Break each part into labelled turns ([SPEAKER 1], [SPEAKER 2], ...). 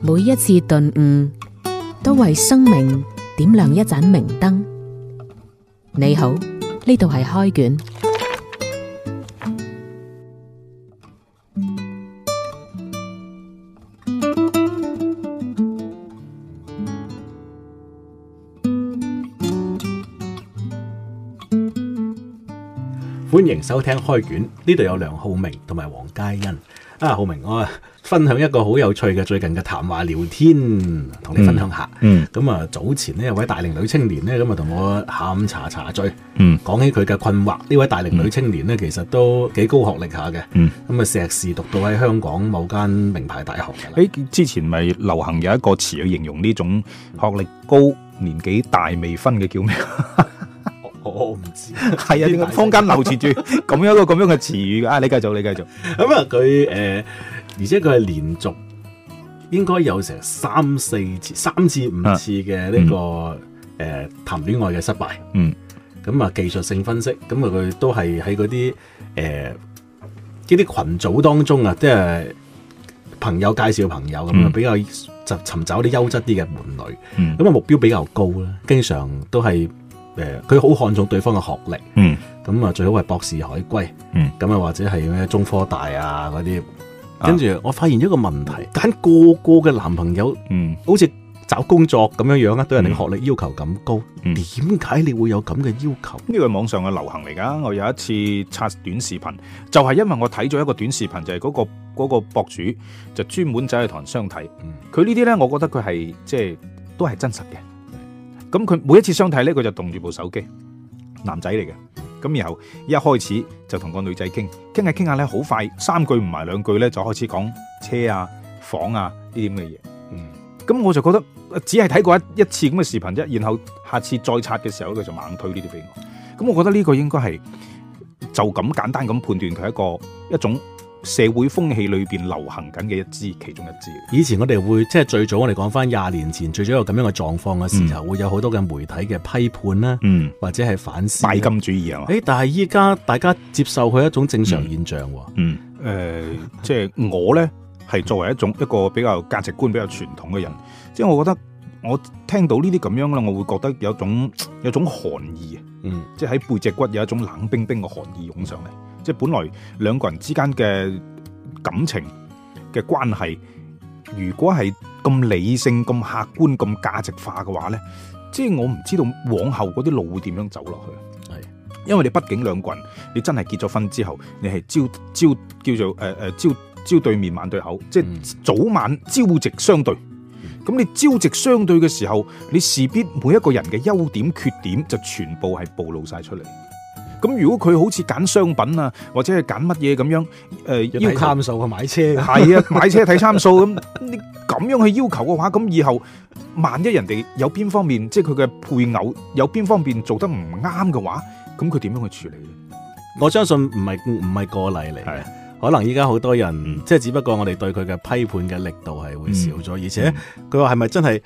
[SPEAKER 1] 每一次頓悟，都為生命點亮一盞明燈。你好，呢度係開卷，歡迎收聽開卷。呢度有梁浩明同埋黃佳欣。啊，浩明，我分享一個好有趣嘅最近嘅談話聊天，同你分享一下。嗯，咁啊，早前呢，有位大齡女青年呢，咁啊，同我下午茶茶聚。嗯，講起佢嘅困惑。呢位大齡女青年呢，其實都幾高學歷下嘅，嗯，咁啊，碩士讀到喺香港某間名牌大學
[SPEAKER 2] 嘅。誒，之前咪流行有一個詞去形容呢種學歷高、年紀大未婚嘅叫咩？ 我唔知，係啊，坊間流傳住
[SPEAKER 1] 咁樣一個咁樣嘅詞語、啊、你繼續，你繼續。咁、嗯、啊，佢誒、呃，而且佢係連續，應該有成三四次、三至五次嘅呢、呢個誒談戀愛嘅失敗。嗯，咁啊技術性分析，咁啊佢都係喺嗰啲誒呢啲群組當中啊，即、就、係、是，朋友介紹朋友咁啊，嗯、比較尋的、嗯、就尋找啲優質啲嘅伴侶。咁啊目標比較高啦，經常都係。誒，佢好看重對方嘅學歷，嗯，咁啊最好係博士海歸，嗯，咁啊或者係咩中科大那些啊嗰啲。跟住我發現一個問題，揀個個嘅男朋友，嗯，好似找工作咁樣樣啊，對人哋學歷要求咁高，嗯，點解你會有咁嘅要求？呢個網上嘅流行嚟噶，我有一次
[SPEAKER 2] 刷短視頻，就係、是、因為我睇咗一個短視頻，就係、是、嗰、那個、那個博主就專門走去同人相睇，佢呢啲呢，我覺得佢係即係都係真實嘅。咁佢每一次相睇呢，佢就動住部手機。男仔嚟嘅，咁然後一開始就同個女仔傾，傾下傾下咧，好快三句唔埋兩句咧，就開始講車啊、房啊呢啲咁嘅嘢。嗯、咁我就覺得，只係睇過一一次咁嘅視頻啫，然後下次再刷嘅時候佢就猛推呢啲俾我。咁我覺得呢個應該係就咁簡單咁判斷佢係一個一種。社會風氣裏邊流行緊嘅一支，其中一支。
[SPEAKER 1] 以前我哋會即係、就是、最早，我哋講翻廿年前最早有咁樣嘅狀況嘅時候，嗯、會有好多嘅媒體嘅批判啦、嗯，或者係反思拜金主義啊嘛、欸。但係依家大家接受佢一種正常現象喎。嗯。誒、嗯，即、呃、係、就是、我咧係作為一種
[SPEAKER 2] 一個比較價值觀、嗯、比較傳統嘅人，即、就、係、是、我覺得我聽到呢啲咁樣啦，我會覺得有一種有一種寒意啊。嗯。即係喺背脊骨有一種冷冰冰嘅寒意湧上嚟。即係本來兩個人之間嘅感情嘅關係，如果係咁理性、咁客觀、咁價值化嘅話咧，即係我唔知道往後嗰啲路會點樣走落去。
[SPEAKER 1] 係，
[SPEAKER 2] 因為你畢竟兩個人，你真係結咗婚之後，你係朝朝叫做誒誒朝朝對面晚對，對口，即係早晚朝夕相對。咁、嗯、你朝夕相對嘅時候，你勢必每一個人嘅優點缺點就全部係暴露晒出嚟。咁如果佢好似揀商品啊，或者係揀乜嘢咁樣，誒，要求參
[SPEAKER 1] 數啊買車係啊，買車睇參
[SPEAKER 2] 數咁，你咁樣去要求嘅話，咁以後萬一人哋有邊方面，即係佢嘅
[SPEAKER 1] 配偶有邊方面做得唔啱嘅話，咁佢點樣去處理咧？我相信唔係唔係個例嚟嘅，可能依家好多人，即係只不過我哋對佢嘅批判嘅力度係會少咗，而且佢話係咪真係？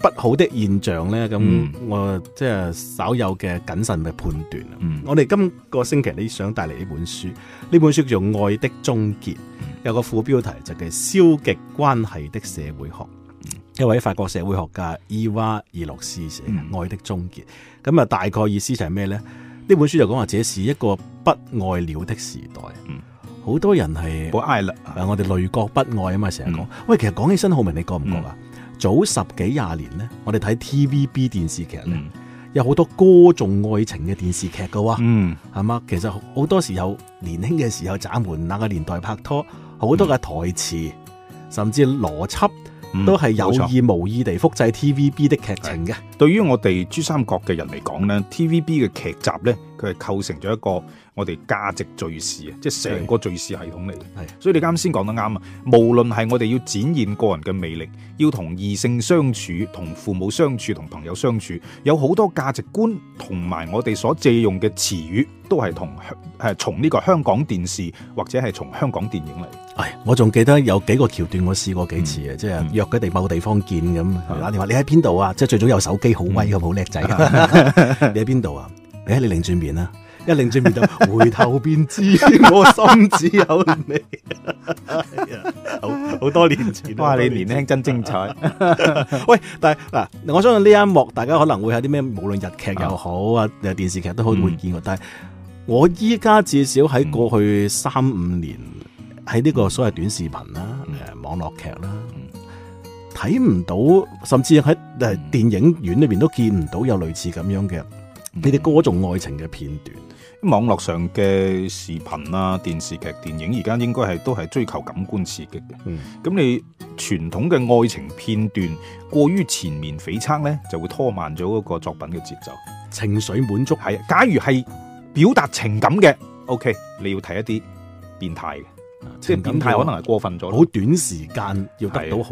[SPEAKER 1] 不好的現象咧，咁我即係稍有嘅謹慎嘅判斷，嗯。我哋今個星期你想帶嚟呢本書，呢本書叫做《愛的終結》嗯，有個副標題就叫《消極關係的社會學》嗯。一位法國社會學家伊娃·伊洛斯寫《愛的終結》。咁，嗯，啊，大概意思就係咩咧？呢本書就講話這是一個不愛了的時代。好，嗯，多人係我哀我哋累覺不愛啊嘛，成日講。喂，其實講起身，浩明，你覺唔覺啊？嗯早十幾廿年呢，我哋睇 TVB 電視劇呢、嗯，有好多歌頌愛情嘅電視劇㗎喎，係、嗯、嘛？其實好多時候年輕嘅時候，咱們那個年代拍拖，好多嘅台詞、嗯，甚至邏輯。嗯、都係有意無意地複製 TVB 的劇情嘅、嗯。對於我
[SPEAKER 2] 哋珠三角嘅人嚟講呢，TVB 嘅劇集呢，佢係構成咗一個我哋價值敘事啊，即係成個敘事系統嚟。係，所以你啱先講得啱啊！無論係我哋要展現個人嘅魅力，要同異性相處、同父母相處、同朋友相處，有好多價值觀同埋我哋所借用嘅詞語，都係同誒從
[SPEAKER 1] 呢個香港電視或者係從香港電影嚟。我仲記得有幾個橋段，我試過幾次嘅、嗯，即係約佢哋某個地方見咁，打、嗯、電話，你喺邊度啊？即係最早有手機好威咁，好叻仔㗎，嗯、 你喺邊度啊？你喺你擰轉面啊？一擰轉面就回頭便知 我心只有你。 哎、好多年前，哇！年你年輕真精彩。 喂，但係嗱，我相信呢一幕大家可能會有啲咩，無論日劇又好啊、嗯，電視劇都好會見過、嗯。但係我依家至少喺過去三五年。嗯喺呢個所謂短視頻啦，誒、嗯，網絡劇啦，睇、嗯、唔到，甚至喺誒電影院裏邊都見唔到有類似咁樣嘅呢啲歌頌愛情嘅片段。網絡
[SPEAKER 2] 上嘅視頻啊，電視劇、電影而家應該係都係追求感官刺激嘅。咁、嗯、你傳統嘅愛情片段過於纏綿悱惻呢，就會拖慢咗嗰個作品嘅節奏，情緒滿足係。假如係表達情感嘅，O.K.，你要睇一啲變態嘅。即係點睇可能係過分咗，好短時間
[SPEAKER 1] 要得到好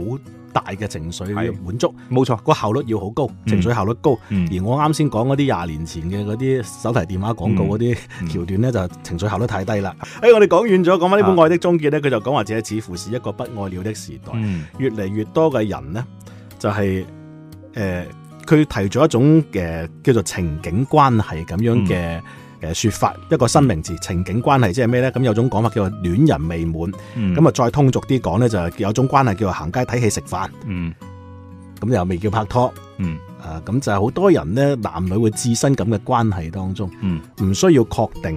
[SPEAKER 1] 大嘅情緒滿足，冇錯，個效率要好高，情緒效率高。嗯、而我啱先講嗰啲廿年前嘅嗰啲手提電話廣告嗰啲橋段咧，嗯、就情緒效率太低啦。誒、哎，我哋講遠咗，講翻呢本《愛的終結》咧，佢、啊、就講話，自己似乎是一個不愛了的時代，越嚟越多嘅人呢，就係、是、誒，佢、呃、提咗一種嘅叫做情景關係咁樣嘅。嗯說法，一個新名詞，情景關係即係咩咧？咁有種講法叫做戀人未滿，咁、嗯、啊再通俗啲講咧，就係有種關係叫做行街睇戲食飯，咁、嗯、又未叫拍拖，誒、嗯，咁、啊、就係好多人咧，男女會置身咁嘅關係當中，唔、嗯、需要確定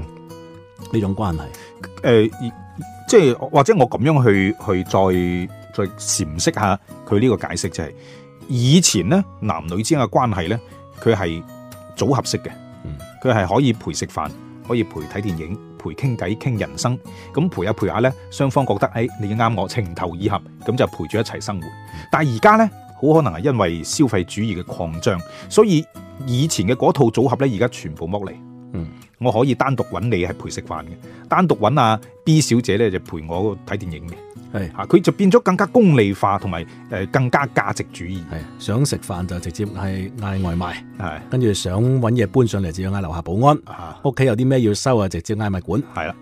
[SPEAKER 1] 呢種關係。
[SPEAKER 2] 誒、呃，即係或者我咁樣去去再再闡釋下佢呢個解釋、就係，就係以前咧，男女之間嘅關係咧，佢係組合式嘅。佢係可以陪食飯，可以陪睇電影，陪傾偈傾人生，咁陪下陪下呢，雙方覺得，哎，你啱我情投意合，咁就陪住一齊生活。但係而家呢，好可能係因為消費主義嘅擴張，所以以前嘅嗰套組合呢，而家全部剝離。嗯，我可以單獨揾你係陪食飯嘅，單獨揾阿 B 小姐呢，就陪我睇電影嘅。係啊，佢就變咗更加功利
[SPEAKER 1] 化，同埋誒更加價值主義。係，想食飯就直接係嗌外賣，係，跟住想搵嘢搬上嚟就要嗌樓下保安。吓、啊，屋企有啲咩要收啊，直接嗌物管。係啦，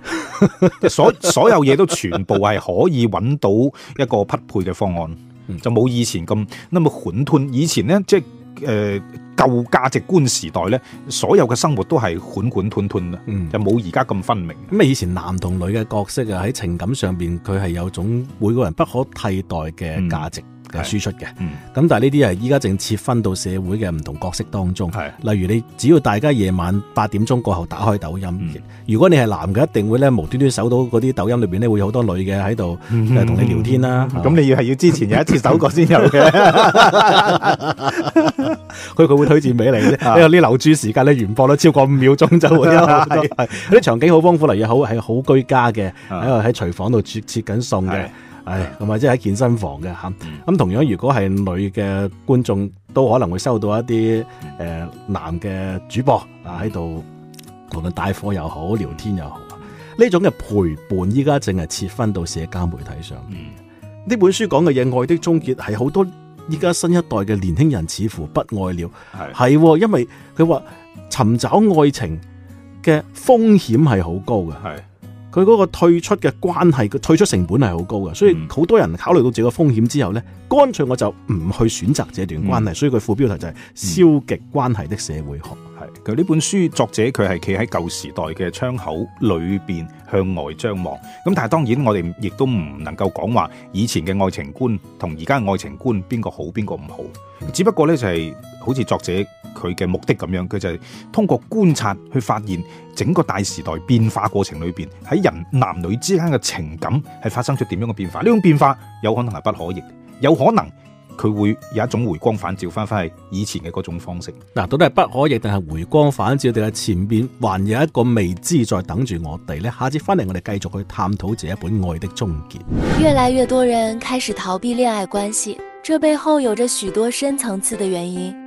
[SPEAKER 1] 所 所有嘢都全部係可以搵到一個匹配嘅
[SPEAKER 2] 方案，嗯、就冇以前咁那麼混沌。以前咧，即、就、係、是。誒、呃，舊價值觀時代咧，所有嘅生活都係款款吞吞嘅，就冇而家咁分明。咁
[SPEAKER 1] 啊，以前男同女嘅角色啊，喺情感上邊，佢係有種每個人不可替代嘅價值。嗯嘅輸出嘅，咁、嗯、但係呢啲係依家正切分到社會嘅唔同角色當中，例如你只要大家夜晚八點鐘過後打開抖音，嗯、如果你係男嘅，一定會咧無端端搜到嗰啲抖音裏邊咧會有好多女嘅喺度，同、嗯、你聊天啦。咁、嗯、你要係要之前有一次搜過先有嘅，所 佢 會推薦俾你嘅、啊。因為啲留住時間你完播率超過五秒鐘就會有，係、啊、啲場景好豐富，例如好係好居家嘅，喺度喺廚房度切切緊餸嘅。係、哎，同埋即係喺健身房嘅吓。咁同樣，如果係女嘅觀眾，都可能會收到一啲誒、呃、男嘅主播啊喺度，無論帶貨又好，聊天又好，呢種嘅陪伴，依家淨係切分到社交媒體上面。呢、嗯、本書講嘅嘢，愛的終結係好多，依家新一代嘅年輕人似乎不愛了。係係，因為佢話尋找愛情嘅風險係好高嘅。係。佢嗰個退出嘅關係，佢退出成本係好高嘅，所以好多人考慮到自己嘅風險之後呢，乾、嗯、脆我就唔去選擇這段關係。嗯、所以佢副標題就係、是《消極關係的社會學》。係
[SPEAKER 2] 佢呢本書作者佢係企喺舊時代嘅窗口裏邊向外張望。咁但係當然我哋亦都唔能夠講話以前嘅愛情觀同而家嘅愛情觀邊個好邊個唔好。只不過呢、就是，就係好似作者。佢嘅目的咁樣，佢就係通過觀察去發現整個大時代變化過程裏邊，喺人男女之間嘅情感係發生咗點樣嘅變化。呢種變化有可能係不可逆，
[SPEAKER 1] 有可能佢會有一種回光返照，翻翻去以前嘅嗰種方式。嗱，到底係不可逆定係回光返照，定係前邊還有一個未知在等住我哋呢？下次翻嚟，我哋繼續去探討這一本《愛的終結》。
[SPEAKER 2] 越來越多人開始逃避戀愛關係，這背後有着許多深層次的原因。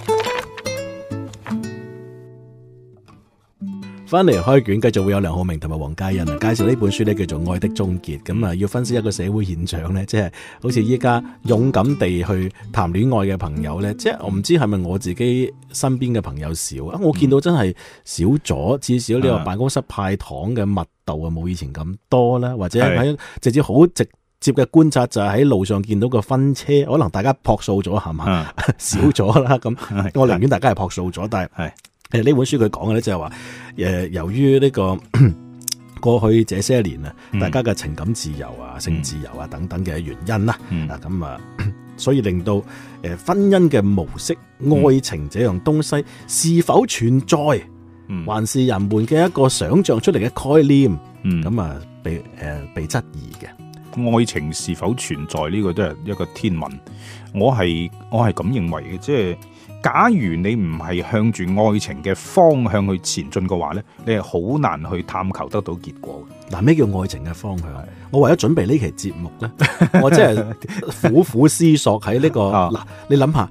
[SPEAKER 1] 翻嚟開卷，繼續會有梁浩明同埋黃嘉欣啊，介紹呢本書呢叫做《愛的終結》，咁啊要分析一個社會現象呢即係好似依家勇敢地去談戀愛嘅朋友呢即係我唔知係咪我自己身邊嘅朋友少啊？我見到真係少咗，至少呢個辦公室派糖嘅密度啊，冇以前咁多啦，或者喺直接好直接嘅觀察就係喺路上見到個婚車，可能大家撲數咗係咪？少咗啦，咁、嗯嗯、我寧願大家係撲數咗，但係。誒，呢本書佢講嘅咧就係話，誒，由於呢個過去這些年啊、嗯，大家嘅情感自由啊、嗯、性自由啊等等嘅原因啦，啊咁啊，所以令到誒婚姻嘅模式、嗯、愛情這樣東西是否存在，嗯、還是人們嘅一個想象出嚟嘅概念，咁、嗯、啊被誒、呃、被質疑嘅。愛情是否存在？呢個都係一個天文，
[SPEAKER 2] 我係我係咁認為嘅，即係。假如你唔係向住愛情嘅方向去前進嘅話咧，你係好難去探求得到結果。嗱，咩叫
[SPEAKER 1] 愛情嘅方向？我為咗準備呢期節目咧， 我真係苦苦思索喺呢、呢個嗱、啊，你諗下。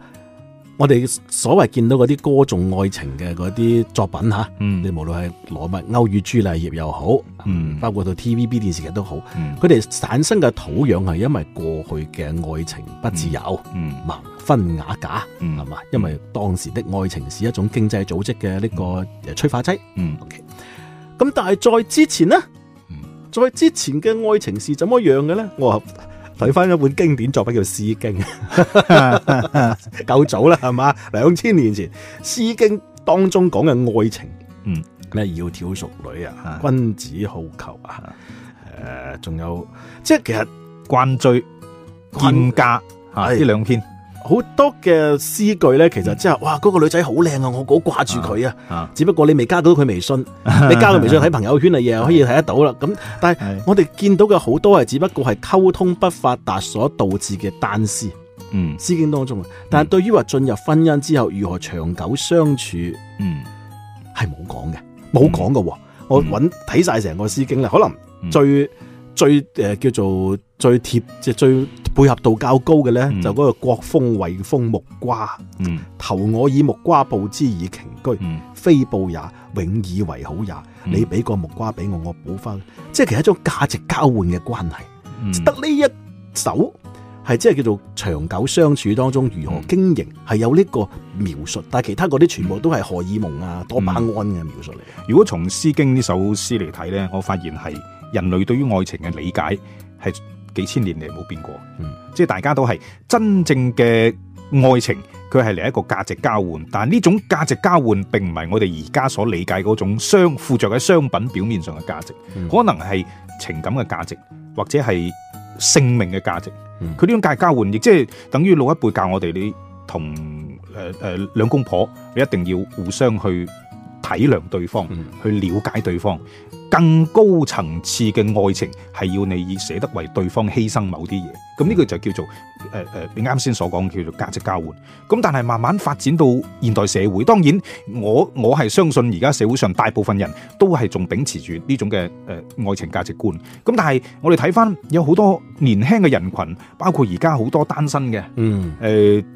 [SPEAKER 1] 我哋所謂見到嗰啲歌頌愛情嘅嗰啲作品吓，你、嗯、無論係羅密歐與朱麗葉又好、嗯，包括到 TVB 電視劇都好，佢、嗯、哋產生嘅土壤係因為過去嘅愛情不自由、盲、嗯嗯、婚啞嫁，係、嗯、嘛？因為當時的愛情是一種經濟組織嘅呢個催化劑。咁、嗯 okay、但係在之前嗯，在之前嘅愛情是怎麼樣嘅咧？我。睇翻一本經典作品叫《詩經》 夠早啦，係嘛？兩千年前，《詩經》當中講嘅愛情，嗯，咩窈窕淑女啊，君子好逑啊，誒、啊，仲有即係其實慣醉蒹葭啊，呢兩篇。好多嘅詩句咧，其實即、就、係、是嗯、哇，嗰、那個女仔好靚啊，啊 我好掛住佢啊。只不過你未加到佢微信，你加佢微信睇朋友圈啊又可以睇得到啦。咁但係我哋見到嘅好多係只不過係溝通不發達所導致嘅單思，嗯，詩經當中啊。但係對於話進入婚姻之後如何長久相處，嗯是沒說的，係冇講嘅，冇講㗎。我揾睇晒成個詩經咧，可能最、嗯、最誒、呃、叫做最貼即最。配合度較高嘅呢，嗯、就嗰個《國風·衛風·木瓜》。嗯，投我以木瓜，報之以瓊琚，嗯，非報也，永以為好也。嗯、你俾個木瓜俾我，我補翻，即係其實一種價值交換嘅關係。得、嗯、呢一首係即係叫做長久相處當中如何經營，係、嗯、有呢個描述。但係其他嗰啲全部都係荷爾蒙啊、多巴胺嘅描述嚟、嗯。如果從詩經呢首詩嚟睇呢，我發現係人
[SPEAKER 2] 類對於愛情嘅理解係，幾千年嚟冇變過，嗯、即係大家都係真正嘅愛情，佢係嚟一個價值交換。但呢種價值交換，並唔係我哋而家所理解嗰種商附着喺商品表面上嘅價值、嗯，可能係情感嘅價值，或者係性命嘅價值。佢、嗯、呢種價值交換，亦即係等於老一輩教我哋你同誒誒兩公婆，你一定要互相去體諒對方、嗯，去了解對方。更高層次嘅愛情係要你以捨得為對方犧牲某啲嘢，咁呢個就叫做誒誒，你啱先所講叫做價值交換。咁但係慢慢發展到現代社會，當然我我係相信而家社會上大部分人都係仲秉持住呢種嘅誒、呃、愛情價值觀。咁但係我哋睇翻有好多年輕嘅人群，包括而家好多單身嘅，嗯，誒、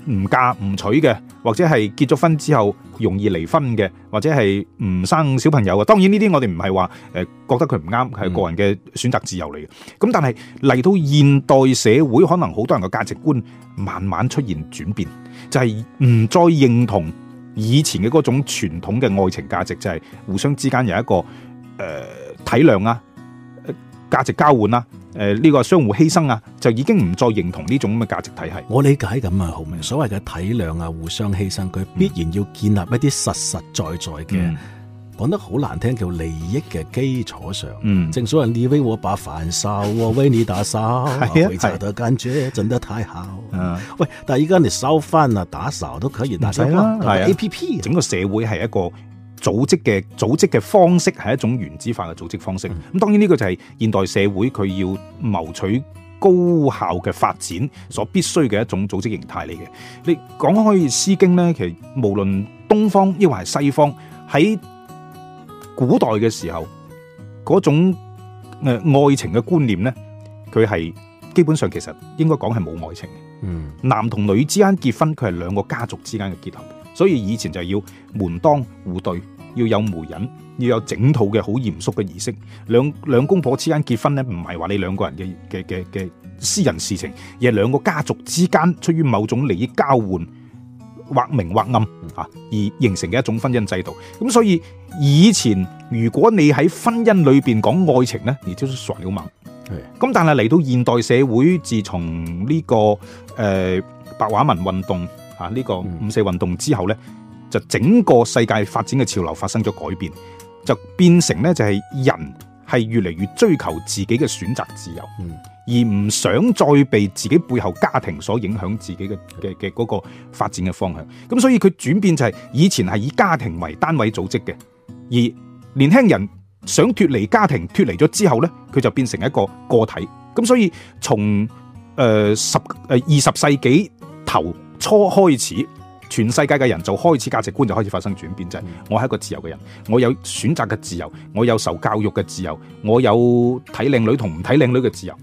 [SPEAKER 2] 呃、唔嫁唔娶嘅，或者係結咗婚之後容易離婚嘅，或者係唔生小朋友嘅。當然呢啲我哋唔係話誒、呃覺得佢唔啱，係個人嘅選擇自由嚟嘅。咁但係嚟到現代社會，可能好多人嘅價值觀慢慢出現轉變，就係、是、唔再認同以前嘅嗰種傳統嘅愛情價值，就係、是、互相之間有一個誒、呃、體諒啊，價值交換啦，誒、呃、呢、這個相互犧牲啊，就已經唔再認同呢種咁嘅價值體系。我理
[SPEAKER 1] 解咁啊，好明，所謂嘅體諒啊，互相犧牲，佢必然要建立一啲實實在在嘅。嗯講得好難聽，叫利益嘅基礎上，嗯，正所謂你為我把飯掃，我為你打掃，係啊，係感覺真得太好啊、嗯。喂，但係而家你收翻啊，打掃都可以打燒用 app 整個社會係一個
[SPEAKER 2] 組織嘅組織嘅方式，係一種原子化嘅組織方式。咁、嗯、當然呢個就係現代社會佢要謀取高效嘅發展所必須嘅一種組織形態嚟嘅。你講開《詩經》咧，其實無論東方抑或係西方喺。古代嘅時候，嗰種誒、呃、愛情嘅觀念呢，佢係基本上其實應該講係冇愛情嘅。嗯，男同女之間結婚佢係兩個家族之間嘅結合，所以以前就要門當戶對，要有媒人，要有整套嘅好嚴肅嘅儀式。兩兩公婆之間結婚呢，唔係話你兩個人嘅嘅嘅嘅私人事情，而係兩個家族之間出於某種利益交換。或明或暗啊，而形成嘅一種婚姻制度。咁所以以前如果你喺婚姻裏邊講愛情呢，你都傻了猛。咁，但係嚟到現代社會，自從呢、呢個誒、呃、白話文運動吓呢、呢個五四運動之後呢、嗯，就整個世界發展嘅潮流發生咗改變，就變成呢就係人。係越嚟越追求自己嘅選擇自由，嗯、而唔想再被自己背後嘅家庭所影響自己嘅嘅嘅嗰個發展嘅方向。咁所以佢轉變就係以前係以家庭為單位組織嘅，而年輕人想脫離家庭，脫離咗之後呢，佢就變成一個個體。咁所以從誒十誒二十世紀頭初，初開始。全世界嘅人就開始價值觀就開始發生轉變，就係、是、我係一個自由嘅人，我有選擇嘅自由，我有受教育嘅自由，我有睇靚女同唔睇靚女嘅自由。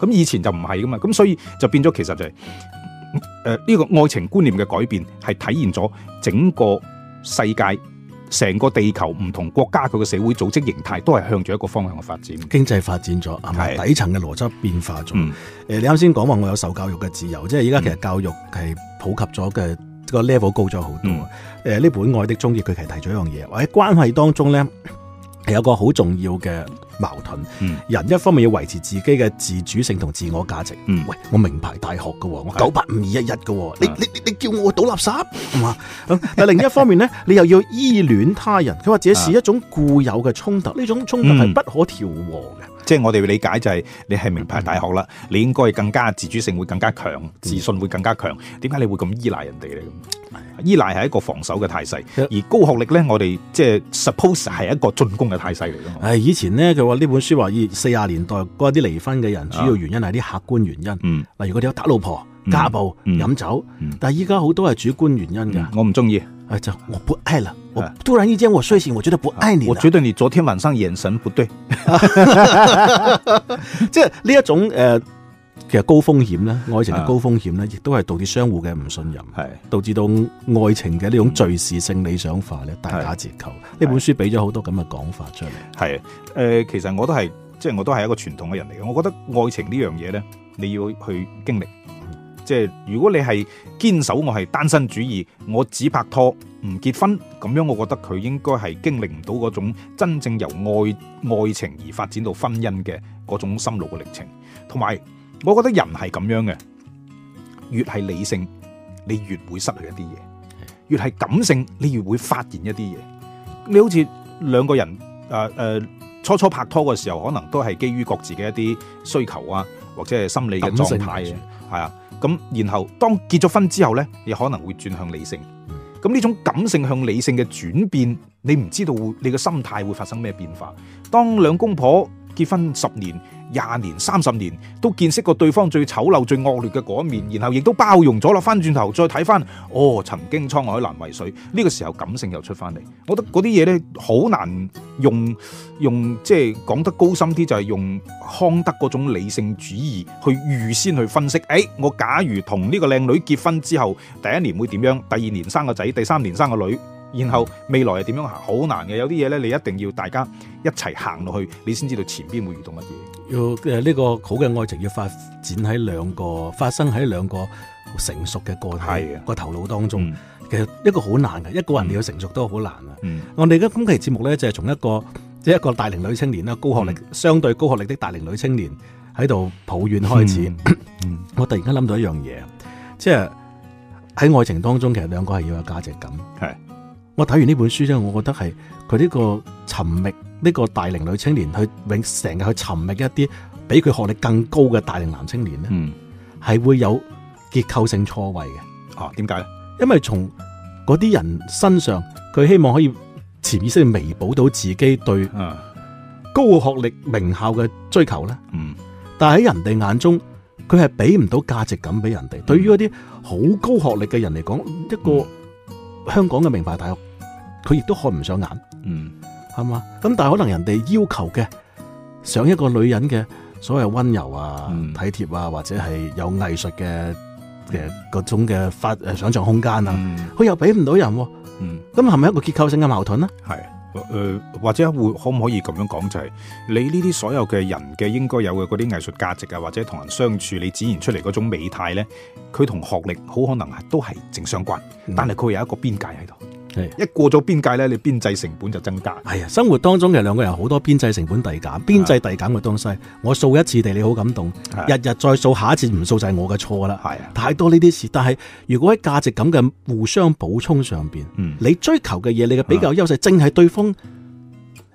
[SPEAKER 2] 咁以前就唔係噶嘛，咁所以就變咗其實就係誒呢個愛情觀念嘅改變，係體現咗整個世界成個地球唔同國家佢嘅社會組織形態都係向住一個方向嘅發展，經濟發展
[SPEAKER 1] 咗，係底層嘅邏輯變化咗。誒、嗯，你啱先講話，我有受教育嘅自由，即係依家其實教育係普及咗嘅。個 level 高咗好多。誒、嗯、呢本《愛的終結》佢其實提咗一樣嘢，喺關係當中咧，有個好重要嘅矛盾，人一方面要維持自己嘅自主性同自我價值、嗯，喂，我名牌大學嘅，我九八五二一一嘅，你你你叫我倒垃圾，係、嗯、嘛？但另一方面呢， 你又要依戀他人，佢話自己係一種固有嘅衝突，呢種衝突係不可調和嘅、嗯。即係我
[SPEAKER 2] 哋嘅理解就係、是，你係名牌大學啦、嗯，你應該更加自主性會更加強，嗯、自信會更加強。點解你會咁依賴人哋呢？依賴係一個防守嘅態勢，而高學歷呢，我
[SPEAKER 1] 哋即係 suppose 係一個進攻嘅態勢嚟噶嘛。以前呢呢本書話四十年代嗰啲離婚嘅人，主要原因係啲客觀原因。嗯、例如果有打老婆、嗯、家暴、飲、嗯、酒，嗯、但係依家好多係主觀原因嘅、嗯。我唔中意。哎，我我不愛了。我突然之間我睡醒，我覺得不愛你。我覺得你昨天晚上眼神不對，即係呢一種誒。呃其實高風險咧，愛情嘅高風險咧，是亦都係導致相互嘅唔信任，係導致到愛情嘅、嗯、呢種敘事性理想化咧，大打，打折扣。呢本書俾咗好多咁嘅講法出嚟，係、呃、誒，其實我都係即係我都係一個
[SPEAKER 2] 傳統嘅人嚟嘅。我覺得愛情這呢樣嘢咧，你要去經歷，嗯、即係如果你係堅守我係單身主義，我只拍拖唔結婚，咁樣我覺得佢應該係經歷唔到嗰種真正由愛愛情而發展到婚姻嘅嗰種心路嘅歷程，同埋。我覺得人係咁樣嘅，越係理性，你越會失去一啲嘢；越係感性，你越會發現一啲嘢。你好似兩個人誒誒、呃呃，初初拍拖嘅時候，可能都係基於各自嘅一啲需求啊，或者係心理嘅狀態啊，係啊。咁然後當結咗婚之後呢，你可能會轉向理性。咁呢種感性向理性嘅轉變，你唔知道會你嘅心態會發生咩變化。當兩公婆。結婚十年、廿年、三十年，都見識過對方最醜陋、最惡劣嘅嗰一面，然後亦都包容咗喇。翻轉頭再睇翻，哦，曾經滄海難為水，呢個時候感性又出翻嚟。我覺得嗰啲嘢呢，好難用用即係講得高深啲，就係用康德嗰種理性主義去預先去分析。誒，我假如同呢個靚女結婚之後，第一年會點樣？第二年生個仔，第三年生個女？然後未來係點樣行，好難嘅。有啲嘢咧，你一定要大家一齊行落去，你先知道前邊會遇到乜嘢。
[SPEAKER 1] 要誒呢、呢個好嘅愛情，要發展喺兩個發生喺兩個成熟嘅個體個頭腦當中。嗯、其實一個好難嘅一個人你要成熟都好難啊、嗯。我哋嘅今期節目咧，就係、係、從一個即係、就係、一個大齡女青年啦，高學歷、嗯、相對高學歷的大齡女青年喺度抱怨開始。嗯、 我突然間諗到一樣嘢，即係喺愛情當中，其實兩個係要有價值感，係。我睇完呢本書咧，我覺得係佢呢個尋覓呢個大齡女青年，去永成日去尋覓一啲比佢學歷更高嘅大齡男青年咧，係、嗯、會有結構性錯位嘅。哦、啊，點解咧？因為從嗰啲人身上，佢希望可以潛意識去彌補到自己對高學歷名校嘅追求咧。嗯。但喺人哋眼中，佢係俾唔到價值感俾人哋、嗯。對於嗰啲好高學歷嘅人嚟講、嗯，一個香港嘅名牌大學。佢亦都看唔上眼，係、嗯、嘛？咁但係可能人哋要求嘅想一個女人嘅所謂溫柔啊、嗯、體貼啊，或者係有藝術嘅嘅嗰種嘅發想象空間啊，佢、嗯、又俾唔到人、啊，咁係咪一個結構性嘅矛盾咧？係，誒、呃、或者會可唔可以咁樣講，就係、是、你呢啲所有嘅人嘅
[SPEAKER 2] 應該有嘅嗰啲藝術價值啊，或者同人相處你展現出嚟嗰種美態咧，佢同學歷好可能係都係正相關、嗯，但係佢有一個邊界喺度。啊、一過咗邊界呢，你邊
[SPEAKER 1] 際成本就增加。係啊，生活當中嘅兩個人好多邊際成本遞減，邊際遞減嘅東西，我掃一次地你好感動，日日、啊、再掃下一次唔掃就係我嘅錯啦。係、啊、太多呢啲事。但係如果喺價值感嘅互相補充上邊、嗯，你追求嘅嘢，你嘅比較優勢、啊、正係對方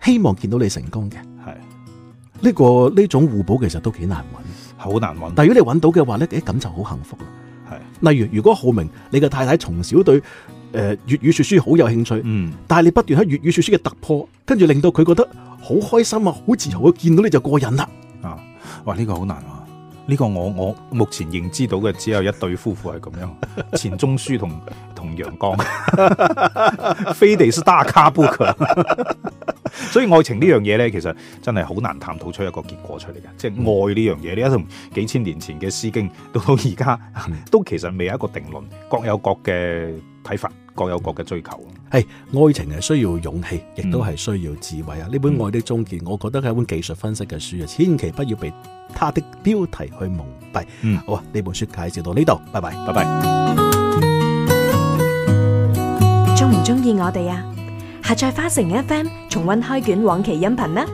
[SPEAKER 1] 希望見到你成功嘅。係呢、啊、這個呢種互補其實都幾難揾，好、啊、難揾。但如果你揾到嘅話呢啲感受好幸福咯、啊。例如如果浩明，你嘅太太從小對。誒，粵語說書好有興趣，嗯，但係你不斷喺粵語，語說書嘅突破，跟住令到佢覺得好開心啊，好自由，見到你就過癮啦，
[SPEAKER 2] 啊，哇，呢、這個好難啊，呢、這個我我目前認知到嘅只有一對夫婦係咁樣，錢 鍾書同同楊絳，非得是大咖不可。所以愛情呢樣嘢呢，其實真係好難探討出一個結果出嚟嘅。即係愛呢樣嘢，你一同幾千年前嘅《詩經》到到而家，都其實未有一個定論，各有各嘅睇法，各有各嘅追求。
[SPEAKER 1] 係愛情係需要勇氣，亦都係需要智慧啊！呢、嗯、本《愛的終結》，我覺得係一本技術分析嘅書啊，千祈不要被它的標題去蒙蔽。嗯、好啊，呢本書介紹到呢度，拜拜，拜拜。
[SPEAKER 2] 中唔中意我哋啊？下載花城 FM，重溫開卷往期音頻呢。